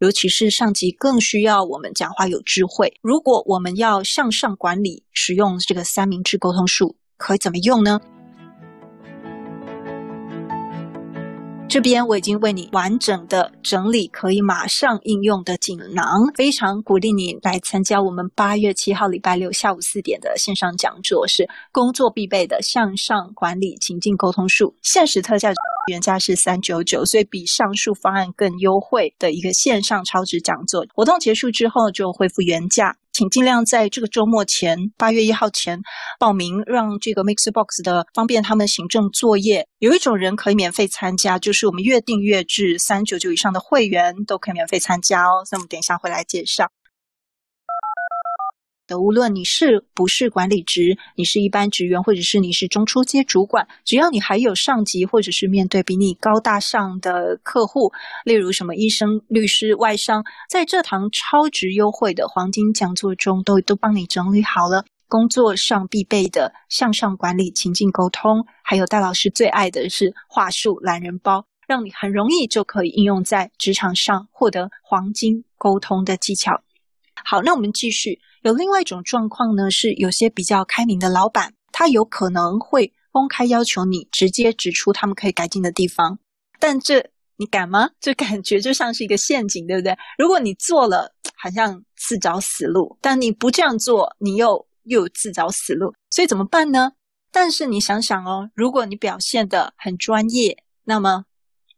尤其是上級更需要我們講話有智慧。如果我們要向上管理，使用這個三明治溝通術，可以怎麼用呢？這邊我已經為你完整的整理，可以馬上應用的錦囊。非常鼓勵你來參加我們八月七號禮拜六下午四點的線上講座，是工作必備的向上管理情境溝通術，限時特價。原價是三九九，所以比上述方案更優惠的一個線上超值講座，活動結束之後就恢復原價，請儘量在這個周末前，八月一號前報名，讓這個 Mixbox 的方便他們行政作業。有一種人可以免費參加，就是我們月訂閱至三九九以上的會員都可以免費參加哦。那我們等一下會來介紹。無論你是不是管理職，你是一般職員，或者是你是中初階主管，只要你還有上級，或者是面對比你高大上的客戶，例如什麼醫生、律師、外商，在這堂超值優惠的黃金講座中都，都都幫你整理好了工作上必備的向上管理情境溝通，還有戴老師最愛的是話術懶人包，讓你很容易就可以應用在職場上，獲得黃金溝通的技巧。好，那我們繼續。有另外一種狀況呢，是有些比較開明的老板，他有可能會公開要求你直接指出他們可以改進的地方，但這你敢嗎？這感覺就像是一個陷阱，對不對？如果你做了，好像自找死路；但你不這樣做，你又又自找死路。所以怎麼辦呢？但是你想想哦，如果你表現得很專業，那麼。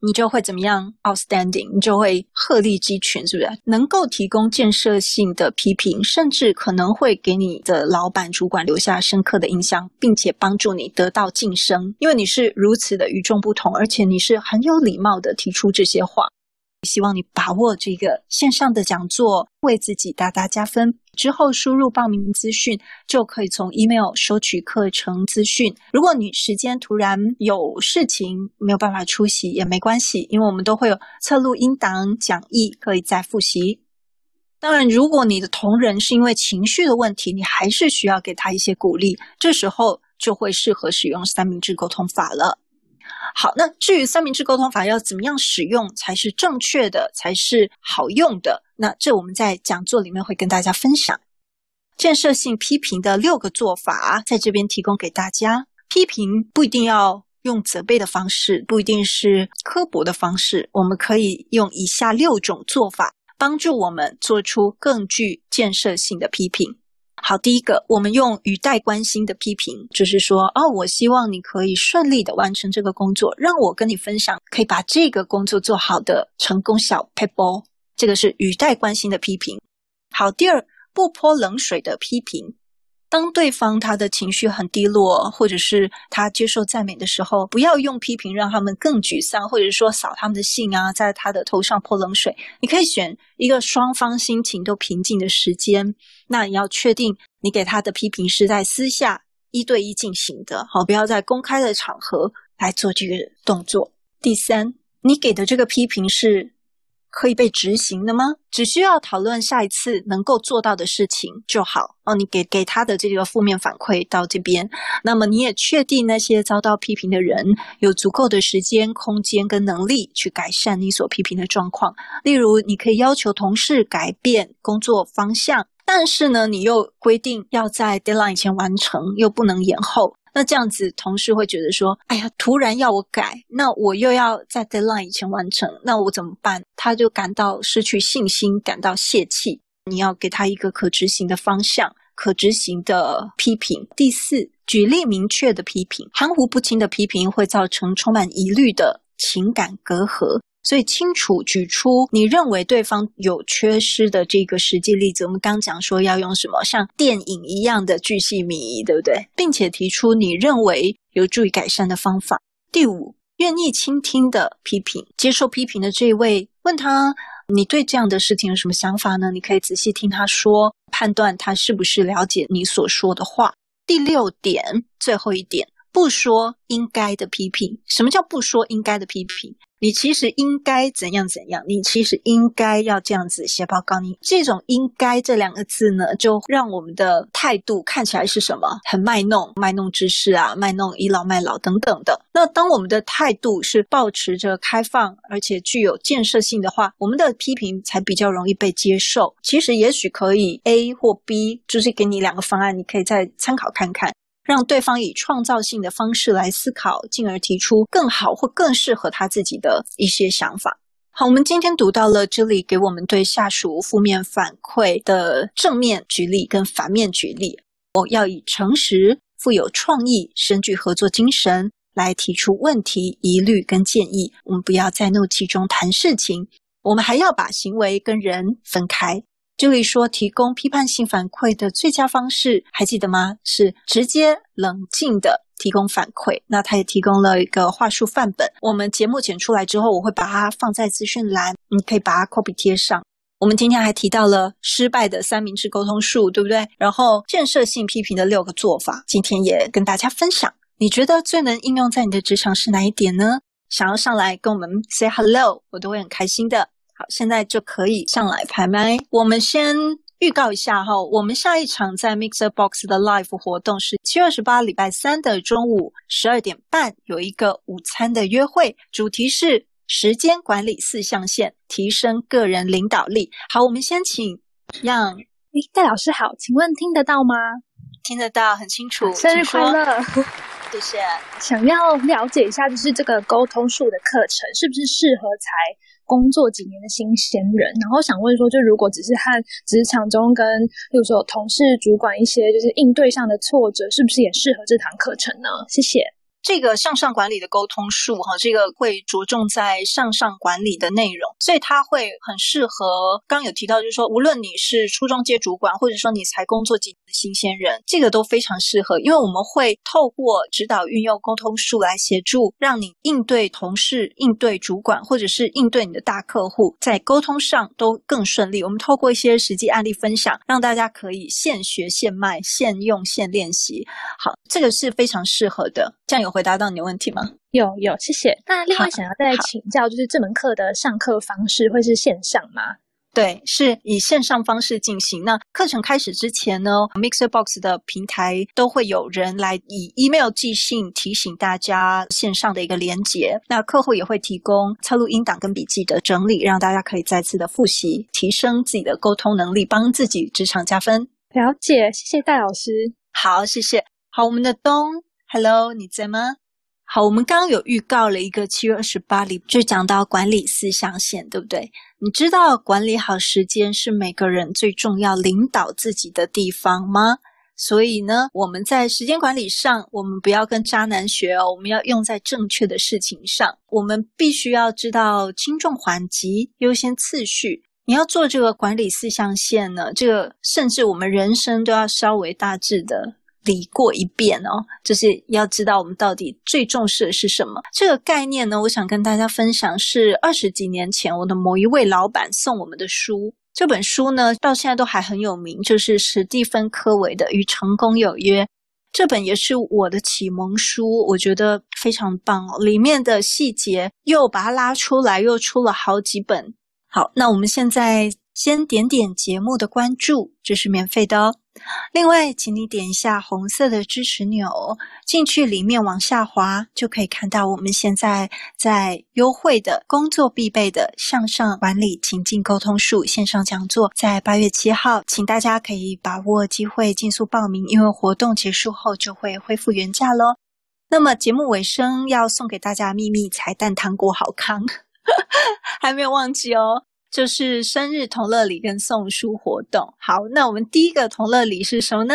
你就會怎麼樣 outstanding？你就會鶴立雞群，是不是？能夠提供建設性的批評，甚至可能會給你的老板、主管留下深刻的印象，並且幫助你得到晉升，因為你是如此的與眾不同，而且你是很有禮貌的提出這些話。希望你把握這個線上的講座，為自己大大加分。之後輸入報名資訊，就可以從 email 收取課程資訊。如果你時間突然有事情，沒有辦法出席也沒關係，因為我們都會有側錄音檔講義可以再複習。當然，如果你的同仁是因為情緒的問題，你還是需要給他一些鼓勵，這時候就會適合使用三明治溝通法了。好，那至於三明治溝通法要怎麼樣使用才是正確的，才是好用的，那這我們在講座裡面會跟大家分享。建設性批評的六個做法，在這邊提供給大家。批評不一定要用責備的方式，不一定是刻薄的方式，我們可以用以下六種做法，幫助我們做出更具建設性的批評。好，第一個，我們用語帶關心的批評，就是說，哦，我希望你可以順利的完成這個工作，讓我跟你分享可以把這個工作做好的成功小撇步，這個是語帶關心的批評。好，第二，不潑冷水的批評。當對方他的情緒很低落，或者是他接受讚美的時候，不要用批評讓他們更沮喪，或者說掃他們的興啊，在他的頭上潑冷水。你可以選一個雙方心情都平靜的時間，那你要確定你給他的批評是在私下一對一進行的，好，不要在公開的場合來做這個動作。第三，你給的這個批評是，可以被執行的嗎？只需要討論下一次能夠做到的事情就好。哦，你給給他的這個負面反饋到這邊，那麼你也確定那些遭到批評的人有足夠的時間、空間跟能力去改善你所批評的狀況。例如，你可以要求同事改變工作方向，但是呢，你又規定要在 deadline 以前完成，又不能延後。那這樣子，同事會覺得說：“哎呀，突然要我改，那我又要在 deadline 以前完成，那我怎麼辦？”他就感到失去信心，感到洩氣。你要給他一個可執行的方向，可執行的批評。第四，舉例明確的批評，含糊不清的批評會造成充滿疑慮的情感隔閡。所以，清楚舉出你認為對方有缺失的這個實際例子。我們剛講說要用什麼像電影一樣的巨細靡遺，對不對？並且提出你認為有助於改善的方法。第五，願意傾聽的批評，接受批評的這位，問他你對這樣的事情有什麼想法呢？你可以仔細聽他說，判斷他是不是了解你所說的話。第六點，最後一點。不說應該的批評，什麼叫不說應該的批評？你其實應該怎樣怎樣？你其實應該要這樣子寫報告你。你這種“應該”這兩個字呢，就讓我們的態度看起來是什麼？很賣弄、賣弄知識啊，賣弄倚老賣老等等的。那當我們的態度是保持着開放，而且具有建設性的話，我們的批評才比較容易被接受。其實也許可以 A 或 B，就是給你兩個方案，你可以再參考看看。讓對方以創造性的方式來思考，進而提出更好或更適合他自己的一些想法。好，我們今天讀到了這裡，給我們對下屬負面反饋的正面舉例跟反面舉例。我要以誠實、富有創意、深具合作精神來提出問題、疑慮跟建議。我們不要在怒氣中談事情。我們還要把行為跟人分開。這裡說，提供批判性反饋的最佳方式還記得嗎？是直接、冷靜地提供反饋。那他也提供了一個話術範本。我們節目剪出來之後，我會把它放在資訊欄，你可以把它 copy 貼上。我們今天還提到了失敗的三明治溝通術，對不對？然後建設性批評的六個做法，今天也跟大家分享。你覺得最能應用在你的職場是哪一點呢？想要上來跟我們 say hello，我都會很開心的。好，現在就可以上來拍賣。我們先預告一下哈，我們下一場在 MixerBox 的 Live 活動是七月二十八禮拜三的中午十二點半，有一個午餐的約會，主題是時間管理四象限，提升個人領導力。好，我們先請讓戴老師。好，請問聽得到嗎？聽得到，很清楚。生日快樂，請說。謝謝。想要了解一下，就是這個溝通術的課程是不是適合才工作幾年的新鮮人，然後想問說，就如果只是和職場中跟，比如說同事、主管一些就是應對上的挫折，是不是也適合這堂課程呢？謝謝。這個向上管理的溝通術哈，這個會着重在向上管理的內容，所以它會很適合。剛剛有提到，就是說，無論你是初中階主管，或者說你才工作幾年的新鮮人，這個都非常適合。因為我們會透過指導運用溝通術來協助，讓你應對同事、應對主管，或者是應對你的大客戶，在溝通上都更順利。我們透過一些實際案例分享，讓大家可以現學現賣、現用現練習。好，這個是非常適合的。這樣有回答到你的問題嗎？有有，謝謝。那另外想要再請教，好就是這門課的上課方式會是線上嗎？對，是以線上方式進行。那課程開始之前呢，MixerBox 的平台都會有人來以 email 寄信提醒大家線上的一個連接。那課後也會提供抄錄音檔跟筆記的整理，讓大家可以再次的複習，提升自己的溝通能力，幫自己職場加分。了解，謝謝戴老師。好，謝謝。好，我們的東。Hello，你在嗎？好，我們剛剛有預告了一個七月二十八日，就講到管理四象限，對不對？你知道管理好時間是每個人最重要領導自己的地方嗎？所以呢，我們在時間管理上，我們不要跟渣男學哦，我們要用在正確的事情上。我們必須要知道輕重緩急、優先次序。你要做這個管理四象限呢，這個甚至我們人生都要稍微大致的。理過一遍哦，就是要知道我們到底最重視的是什麼。這個概念呢，我想跟大家分享是二十幾年前我的某一位老闆送我們的書。這本書呢，到現在都還很有名，就是史蒂芬·科維的《與成功有約》。這本也是我的啟蒙書，我覺得非常棒哦。裡面的細節又把它拉出來，又出了好幾本。好，那我們現在。先點點節目的關注，這是免費的哦。另外，請你點一下紅色的支持鈕，進去裡面往下滑，就可以看到我們現在在優惠的“工作必備的向上管理情境溝通術”線上講座，在八月七號，請大家可以把握機會，儘速報名，因為活動結束後就會恢復原價咯。那麼節目尾聲要送給大家秘密彩蛋糖果，好康， 還沒有忘記哦。就是生日同樂禮跟送書活動。好，那我們第一個同樂禮是什麼呢？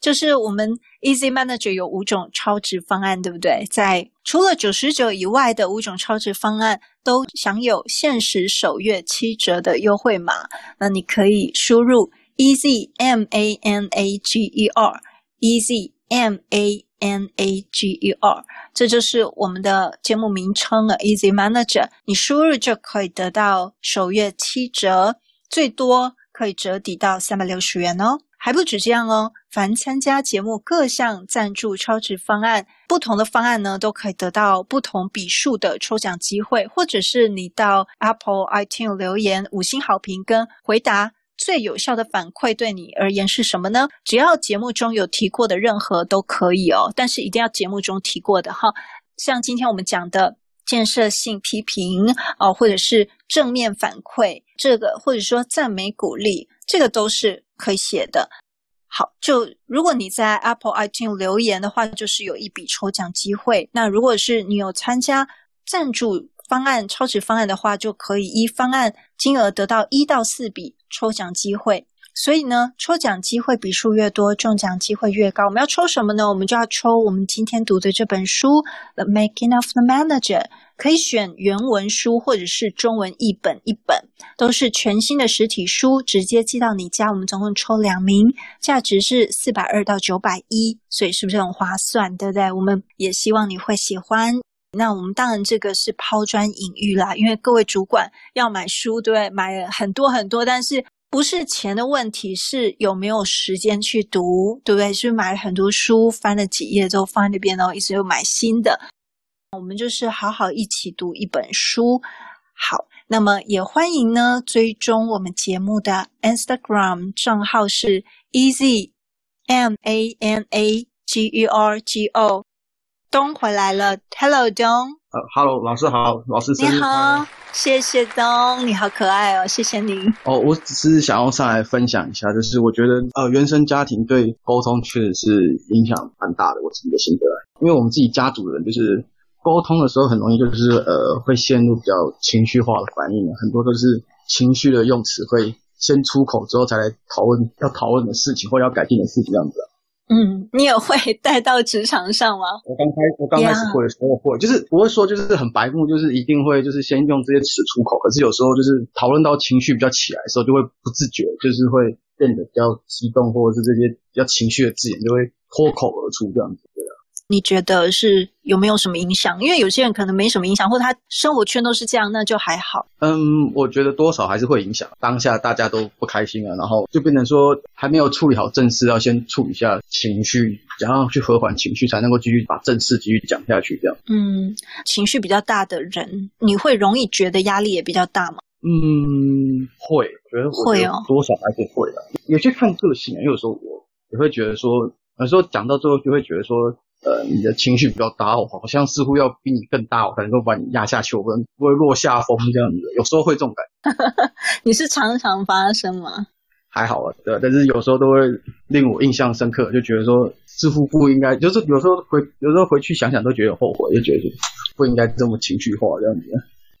就是我們 Easy Manager 有五種超值方案，對不對？在除了九十九以外的五種超值方案都享有限時首月七折的優惠碼。那你可以輸入 E Z M A N A G E R E Z M A。N A G E R，這就是我們的節目名稱了。Easy Manager，你輸入就可以得到首月七折，最多可以折抵到三百六十元哦。還不止這樣哦，凡參加節目各項贊助超值方案，不同的方案呢都可以得到不同筆數的抽獎機會，或者是你到 Apple iTunes 留言五星好評跟回答，最有效的反饋對你而言是什麼呢？只要節目中有提過的任何都可以哦，但是一定要節目中提過的哈。像今天我們講的建設性批評哦、呃，或者是正面反饋這個，或者說讚美鼓勵這個都是可以寫的。好，就如果你在 Apple iTunes 留言的話，就是有一筆抽獎機會。那如果是你有參加贊助方案、超值方案的話，就可以依方案金額得到一到四筆抽獎機會，所以呢，抽獎機會筆數越多，中獎機會越高。我們要抽什麼呢？我們就要抽我們今天讀的這本書《The Making of the Manager》，可以選原文書或者是中文一本一本，都是全新的實體書，直接寄到你家。我們總共抽兩名，價值是四百二到九百一，所以是不是很划算？對不對？我們也希望你會喜歡。那我們當然這個是拋磚引玉啦，因為各位主管要買書，對不對？買了很多很多，但是不是錢的問題，是有沒有時間去讀，對不對？是，是買了很多書，翻了幾頁之後放在那邊，然後一直又買新的。我們就是好好一起讀一本書。好，那麼也歡迎呢，追蹤我們節目的 Instagram 賬號是 Easy, M A N A G U R G O。東回來了，Hello，東。呃，Hello, 老師好，老師。你好，謝謝東，你好可愛哦，謝謝你。哦，我只是想要上來分享一下，就是我覺得呃，原生家庭對溝通確實是影響蠻大的，我自己的心得。因為我們自己家族的人就是溝通的時候很容易就是呃會陷入比較情緒化的反應，很多都是情緒的用詞會先出口，之後才來討論要討論的事情，或者要改進的事情這樣子。嗯，你也會帶到職場上嗎？我剛開，我剛開始會，Yeah. 我會，就是不會說，就是很白目，就是一定會，就是先用這些詞出口，可是有時候就是討論到情緒比較起來的時候，就會不自覺，就是會變得比較激動，或者是這些比較情緒的字眼，就會脫口而出這樣子。你覺得是有沒有什麼影響？因為有些人可能沒什麼影響，或他生活圈都是這樣，那就還好。嗯，我覺得多少還是會影響。當下大家都不開心了，啊，然後就變成說還沒有處理好正事，要先處理一下情緒，然後去和緩情緒，才能夠繼續把正事繼續講下去。這樣。嗯，情緒比較大的人，你會容易覺得壓力也比較大嗎？嗯，會覺得會哦，多少還是會的，啊。有些、哦、看個性啊，有時候我也會覺得說，有時候講到最後就會覺得說。呃，你的情緒比較大，我好像似乎要比你更大，我才能夠把你壓下去，我可能不會落下風這樣子。有時候會這種感覺。 你是常常發生嗎？還好啊，對，但是有時候都會令我印象深刻，就覺得說似乎不應該，就是有時候回有時候回去想想都覺得有後悔，就覺得不應該這麼情緒化這樣子。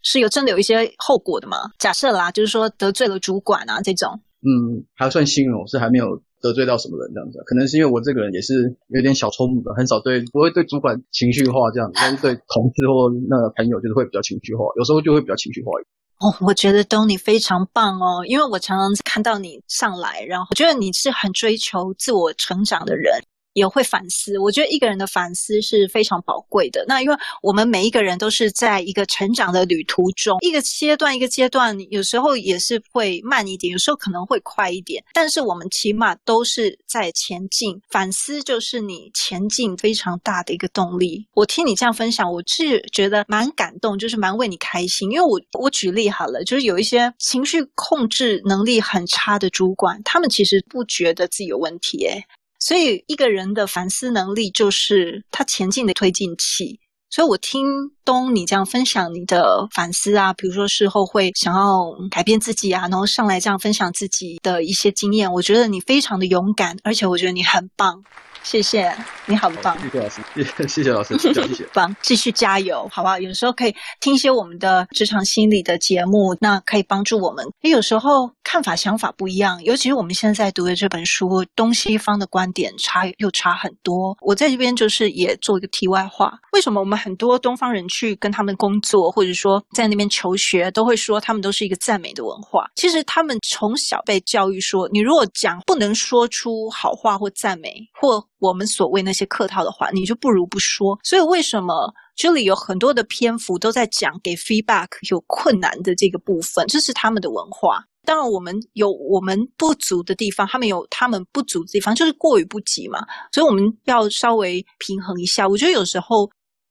是有真的有一些後果的嗎？假設啦、啊，就是說得罪了主管啊這種，嗯，還算幸運，我是還沒有。得罪到什麼人這樣子？可能是因為我這個人也是有點小聰明的，很少對不會對主管情緒化這樣，但是對同事或那個朋友就是會比較情緒化，有時候就會比較情緒化一點。哦，我覺得 Donny 非常棒哦，因為我常常看到你上來，然後我覺得你是很追求自我成長的人。也會反思，我覺得一個人的反思是非常寶貴的。那因為我們每一個人都是在一個成長的旅途中，一個階段一個階段，有時候也是會慢一點，有時候可能會快一點，但是我們起碼都是在前進。反思就是你前進非常大的一個動力。我聽你這樣分享，我是覺得蠻感動，就是蠻為你開心。因為我我舉例好了，就是有一些情緒控制能力很差的主管，他們其實不覺得自己有問題、欸，誒。所以一個人的反思能力就是他前進的推進器。所以我聽懂你這樣分享你的反思啊，比如說事後會想要改變自己啊，然後上來這樣分享自己的一些經驗，我覺得你非常的勇敢，而且我覺得你很棒。謝謝，你好棒，謝謝老師，謝謝老師，謝謝，棒， 繼續加油，好不好？有時候可以聽一些我們的職場心理的節目，那可以幫助我們。因為有時候看法、想法不一樣，尤其是我們現在讀的這本書，東西方的觀點差又差很多。我在這邊就是也做一個題外話：為什麼我們很多東方人去跟他們工作，或者說在那邊求學，都會說他們都是一個讚美的文化？其實他們從小被教育說，你如果講，不能說出好話或讚美或。我們所謂那些客套的話，你就不如不說。所以為什麼這裡有很多的篇幅都在講給 feedback 有困難的這個部分？這是他們的文化。當然，我們有我們不足的地方，他們有他們不足的地方，就是過於不及嘛。所以我們要稍微平衡一下。我覺得有時候。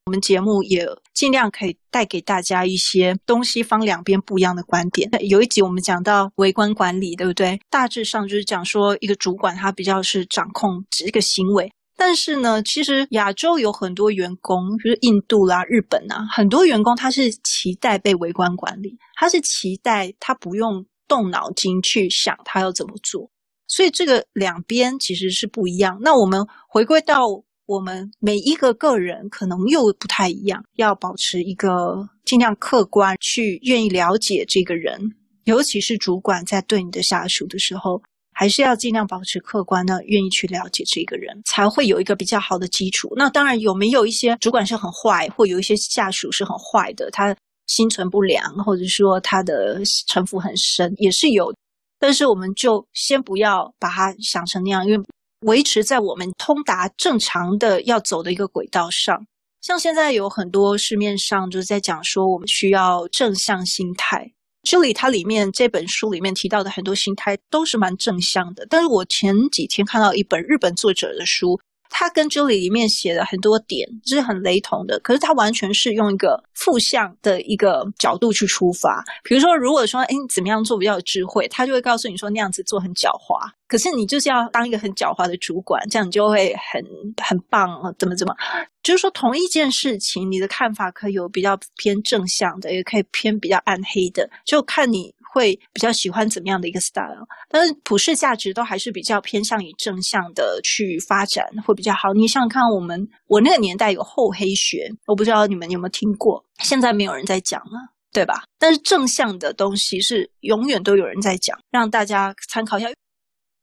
我們節目也儘量可以帶給大家一些東西方兩邊不一樣的觀點。有一集我們講到微觀管理，對不對？大致上就是講說一個主管他比較是掌控這個行為，但是呢，其實亞洲有很多員工，就是印度啦、啊、日本啊，很多員工他是期待被微觀管理，他是期待他不用動腦筋去想他要怎麼做。所以這個兩邊其實是不一樣。那我們回歸到。我們每一個個人可能又不太一樣，要保持一個盡量客觀，去願意了解這個人，尤其是主管在對你的下屬的時候，還是要盡量保持客觀的願意去了解這個人才會有一個比較好的基礎。那當然，有沒有一些主管是很壞，或有一些下屬是很壞的，他心存不良，或者說他的城府很深，也是有。但是我們就先不要把他想成那樣，因為。維持在我們通達正常的要走的一個軌道上，像現在有很多市面上就是在講說我們需要正向心態。這裡它裡面這本書裡面提到的很多心態都是蠻正向的，但是我前幾天看到一本日本作者的書。他跟 Julie 裡面寫的很多點，就是很雷同的。可是他完全是用一個負向的一個角度去出發。比如說，如果說，哎，你怎麼樣做比較有智慧，他就會告訴你說，那樣子做很狡猾。可是你就是要當一個很狡猾的主管，這樣你就會很很棒。怎麼怎麼，就是說同一件事情，你的看法可以有比較偏正向的，也可以偏比較暗黑的，就看你。會比較喜歡怎麼樣的一個 style，但是普世價值都還是比較偏向於正向的去發展會比較好。你想想看，我們我那個年代有厚黑學，我不知道你們有沒有聽過，現在沒有人在講了，對吧？但是正向的東西是永遠都有人在講，讓大家參考一下。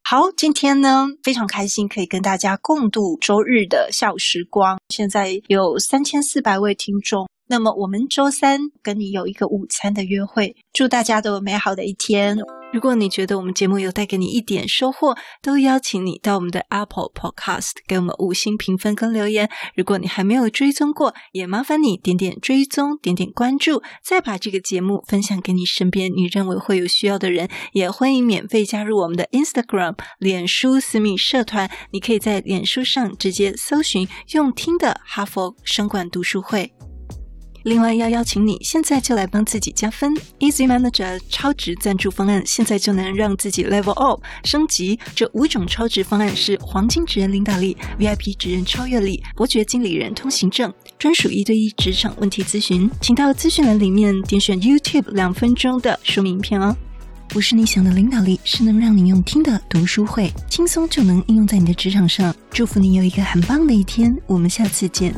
好，今天呢，非常開心可以跟大家共度周日的下午時光，現在有三千四百位聽眾。那麼我們周三跟你有一個午餐的約會，祝大家都有美好的一天。如果你覺得我們節目有帶給你一點收穫，都邀請你到我們的 Apple Podcast 給我們五星評分跟留言。如果你還沒有追蹤過，也麻煩你點點追蹤，點點關注，再把這個節目分享給你身邊你認為會有需要的人。也歡迎免費加入我們的 Instagram、臉書私密社團。你可以在臉書上直接搜尋“用聽的哈佛商管讀書會”。另外要邀請你，現在就來幫自己加分。Easy Manager 超值贊助方案，現在就能讓自己 level up 升級。這五種超值方案是黃金職人領導力，VIP 職人超越力，伯爵經理人通行證，專屬一對一職場問題諮詢，請到資訊欄裡面點選 YouTube 兩分鐘的說明影片哦。不是你想的領導力，是能讓你用聽的讀書會，輕鬆就能應用在你的職場上。祝福你有一個很棒的一天，我們下次見。